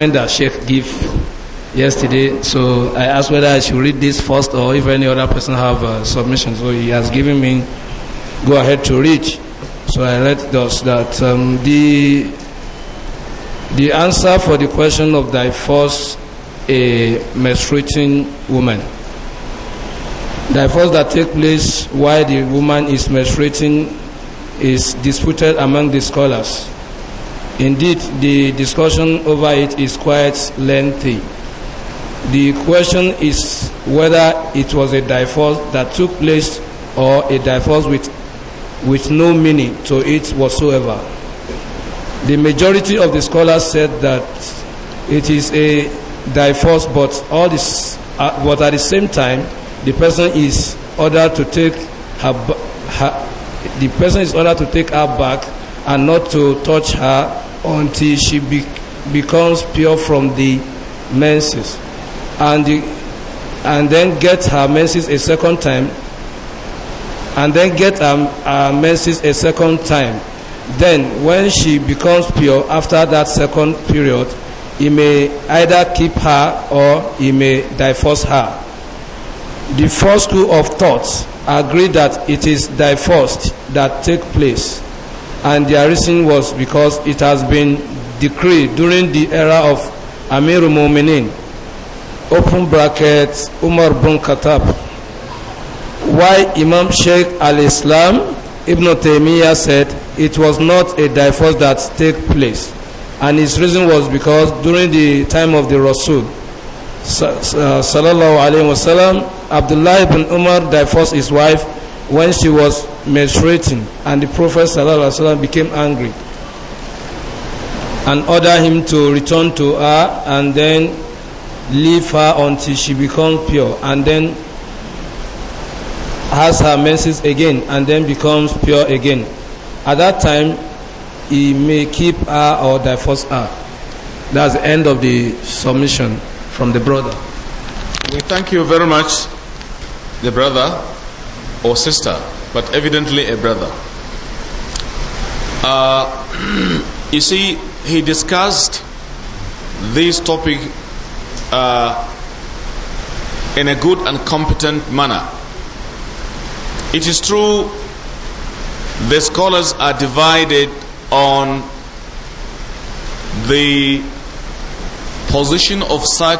that Sheikh gave yesterday, so I asked whether I should read this first or if any other person have uh, submissions. So he has given me go ahead to read. So I read those that um, the the answer for the question of first a menstruating woman. Divorce that take place while the woman is menstruating is disputed among the scholars. Indeed, the discussion over it is quite lengthy. The question is whether it was a divorce that took place or a divorce with, with no meaning to it whatsoever. The majority of the scholars said that it is a divorce, but all this, uh, but at the same time, the person is ordered to take her, her the person is ordered to take her back and not to touch her until she be becomes pure from the menses and the, and then get her menses a second time and then get her, her menses a second time then when she becomes pure after that second period he may either keep her or he may divorce her the first school of thoughts agree that it is divorce that take place and their reason was because it has been decreed during the era of Amirul Mu'minin open brackets Umar bin Khattab why Imam Sheikh al-Islam Ibn Taymiyyah said it was not a divorce that took place and his reason was because during the time of the Rasul sallallahu alaihi wasallam Abdullah ibn Umar divorced his wife when she was menstruating and the prophet sallallahu became angry and ordered him to return to her and then leave her until she becomes pure and then has her menses again and then becomes pure again at that time he may keep her or divorce her that's the end of the submission from the brother we thank you very much the brother or sister but evidently a brother. Uh, you see, he discussed this topic uh, in a good and competent manner. It is true the scholars are divided on the position of such